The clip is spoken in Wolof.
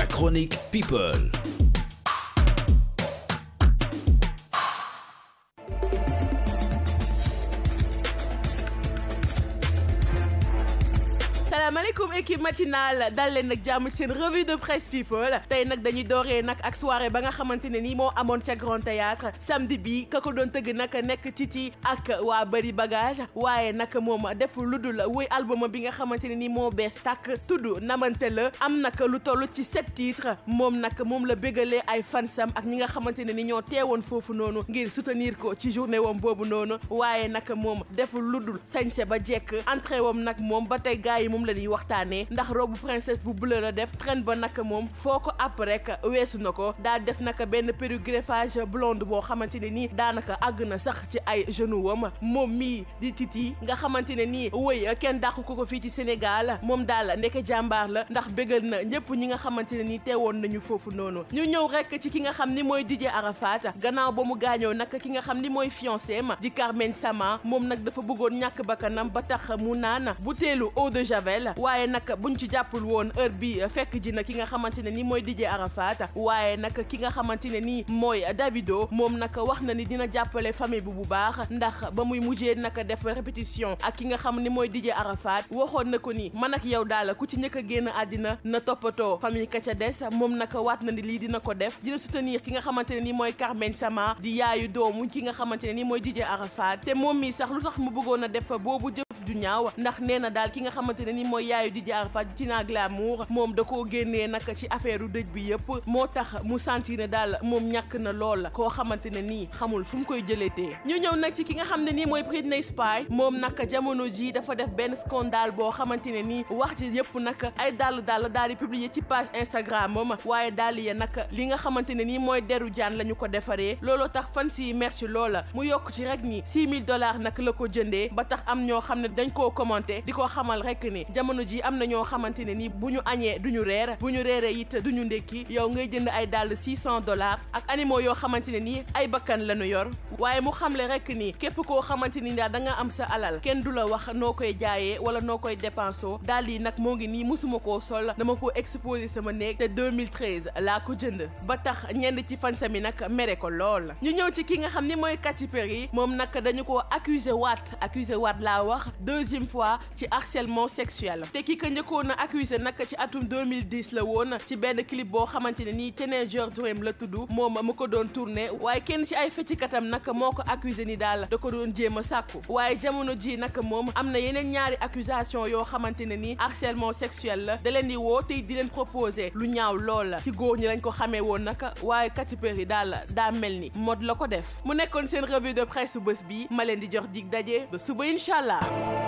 la chronique People. salaamaaleykum équipe matinale dal nak nag ci sen revue de presse people tay nak dañuy dooree nak ak soirée ba nga xamanteni ni mo amone ci Grand Théâtre samedi bi Kako ko teug nak nek Titi ak wa Bari Bagage waye nak mom def lu dul wuy album bi nga xamanteni ni mo bees tak tudd namante le am nak lu tollu ci sept titres mom nak mom la bégalee ay sam ak ñi nga xamanteni ni ñoo teewoon fofu noonu ngir soutenir ko ci journée wam bobu noonu waye nak mom def lu dul sañse ba jekk entrée wam nak mom ba tey gars moom la ñuy waxtaanee ndax robe princesse bu bleu la def traîne ba naka moom foo ko àpp rek weesu na ko daa def naka benn perruque greffage blonde boo xamante ne nii daanaka àgg na sax ci ay genou ma moom mii di Titi nga xamante ne nii woy kenn dàqu ko ko fii ci Sénégal moom daal ndeke jàmbaar la ndax bégal na ñëpp ñi nga xamante ne nii woon nañu foofu noonu ñu ñëw rek ci ki nga xam ni mooy DJ Arafat gannaaw ba mu gaañoo nag ki nga xam ni mooy fiancéem di Carmen Sama moom nag dafa bëggoon ñàkk bakkanam ba tax Nouvelle waaye nag buñ ci jàppul woon heure bi fekk ji na ki nga xamante ne ni mooy DJ Arafat waaye nag ki nga xamante ne ni mooy Davido moom nag wax na ni dina jàppale famille bi bu baax ndax ba muy mujjee nag def répétition ak ki nga xam ni mooy DJ Arafat waxoon na ko ni man ak yow daal ku ci njëkk a génn àddina na toppatoo famille ka ca des moom nag waat na ni lii dina ko def dina soutenir ki nga xamante ne ni mooy Carmen Sama di yaayu doomu ki nga xamante ne ni mooy DJ Arafat te moom mi sax lu tax mu bëggoon a def boobu ju ñaaw ndax nee na daal ki nga xamante ne ni mooy yaayu Dj Arafat Tina Glamour moom da koo génnee nag ci affaire u dëj bi yëpp moo tax mu sentir ne dal moom ñàkk na lool koo xamante ne nii xamul fu mu koy jëleetee ñu ñëw nag ci ki nga xam ne ni mooy Britney Spears moom nag jamono ji dafa def benn scandale boo xamante ne nii wax ji yëpp nag ay dàll dàll daal di publier ci page Instagram moom waaye daal ya nag li nga xamante ne nii mooy deru jaan lañu ko defaree looloo tax fan si merci loola mu yokk ci rek dañ koo commenté di ko xamal rek ni jamono ji am na ñoo xamante ne ni bu ñu añee du ñu reer bu ñu reeree it du ñu ndékki yow ngay jënd ay dàll six cent ak animaux yoo xamante ne ni ay bakkan la ñu yor waaye mu xamle rek ni képp koo xamante ni daal da nga am sa alal kenn du la wax noo koy jaayee wala noo koy dépensoo dàll yi nag moo ngi nii mosuma koo sol dama ko exposé sama néeg te 2013 laa ko jënd ba tax ñenn ci fansa mi nag mere ko lool ñu ñëw ci ki nga xam ni mooy Katy Perry moom nag dañu ko accusé waat accusé deuxième fois ci harcèlement sexuel Té ki ko njëkkoon a accusé nag ci atum 2010 la won ci benn clip bo xamante ni Teenager Dream la tudd mom mu ko doon tourner waye kenn ci ay fecikatam katam nak moko accusé ni dal da ko doon jéem sakku waye jamono ji nak mom amna na ñaari accusation yo xamante ni harcèlement sexuel la da leen di woo tey di leen proposer lu ñaaw lool ci goor ñi lañ ko xamé won nak waye Katy Perry dal da melni mod mode la ko def mu nekkoon seen revue de presse bu bés bi ma leen di jox dig dajé ba suba